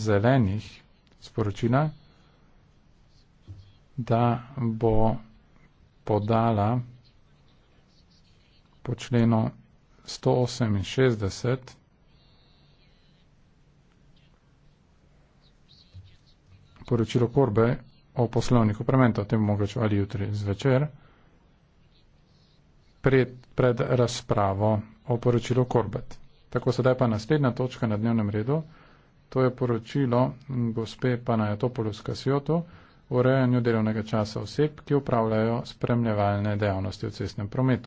zelenih sporočila, da bo podala po členu 168 poročilo korbe o poslovniku prementa, o tem mogoče ali jutri zvečer, pred, pred razpravo o poročilu korbet. Tako sedaj pa naslednja točka na dnevnem redu. To je poročilo gospe Panajatopolus Kasjoto o urejanju delovnega časa oseb, ki upravljajo spremljevalne dejavnosti v cestnem prometu.